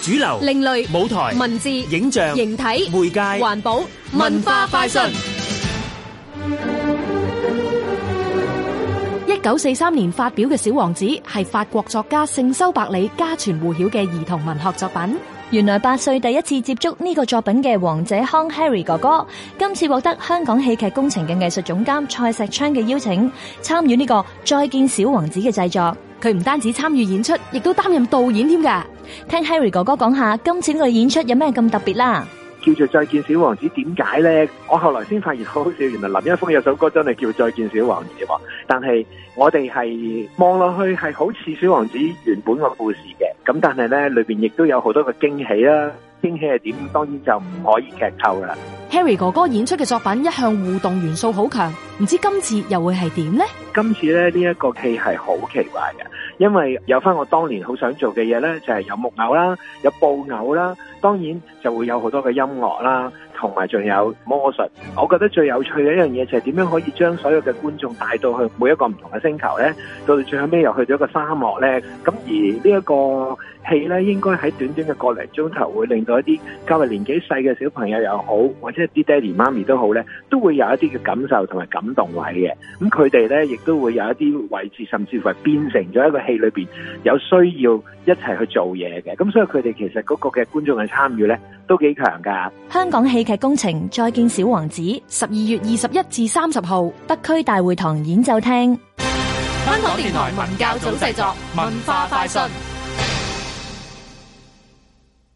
主流、另類舞台、文字、影像、形體、媒介、環保、文化快訊。一九四三年發表嘅《小王子》係法國作家聖修伯里家傳戶曉嘅兒童文學作品。原來八歲第一次接觸呢個作品嘅王者康 Harry 哥哥，今次獲得香港戲劇工程嘅藝術總監蔡錫昌嘅邀請，參與呢個《再見小王子》嘅製作。佢唔單止參與演出，亦都擔任導演添㗎。聽 Harry 哥哥講下今次我哋演出有咩咁特別啦？叫做再見小王子，點解呢？我後來先發現好好笑，原來林一峰有首歌真係叫再見小王子，但係我哋係望落去係好似小王子原本個故事嘅，咁但係呢裏邊亦都有好多個驚喜啦！驚喜係點？當然就唔可以劇透㗎啦。Harry 哥哥演出嘅作品一向互動元素好強。唔知今次又會係點咧？今次咧，呢一個戲係好奇怪嘅，因為有翻我當年好想做嘅嘢咧，就係有木偶啦，有布偶啦，當然就會有好多嘅音樂啦，同埋仲有魔術。我覺得最有趣嘅一樣嘢就係點樣可以將所有嘅觀眾帶到去每一個唔同嘅星球咧，到到最後尾又去咗一個沙漠咧。咁而呢一個戲咧，應該喺短短嘅個零鐘頭會令到一啲較為年紀細嘅小朋友又好，或者啲爹哋媽咪都好咧，都會有一啲嘅感受同埋感受。動位嘅，咁佢哋咧亦都會有一啲位置，甚至乎係變成咗一個戲裏邊有需要一齊去做嘢嘅，咁所以佢哋其實嗰個嘅觀眾嘅參與咧都幾強噶。香港戲劇工程再見小王子，十二月二十一至三十號北區大會堂演奏廳。香港電台文教組製作文化快訊。